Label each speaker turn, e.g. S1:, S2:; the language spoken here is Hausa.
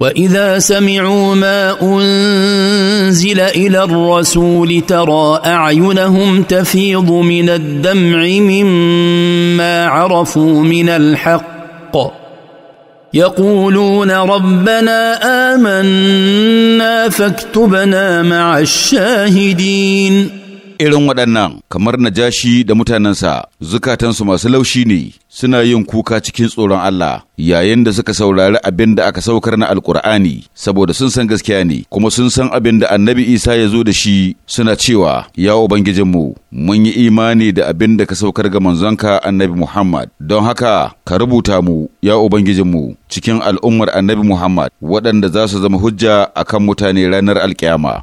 S1: واذا سمعوا ما انزل الى الرسول ترى اعينهم تفيض من الدمع مما عرفوا من الحق يقولون ربنا امنا فاكتبنا مع الشاهدين
S2: irin waɗannan kamar najashi da mutanensa zukatansu masu laushi ne suna yin kuka cikin tsoron Allah yayin da suka saurari abin da aka saukar na alkur'ani saboda sun san gaskiya ne kuma sun san abin da annabi isa ya zo da shi suna cewa ya ubangijinmu mun yi imani da abin da ka saukar ga manzonka annabi muhammad don haka ka rubuta mu ya ubangijinmu cikin al'ummar annabi muhammad waɗanda za su zama hujja akan mutane ranar alkiyama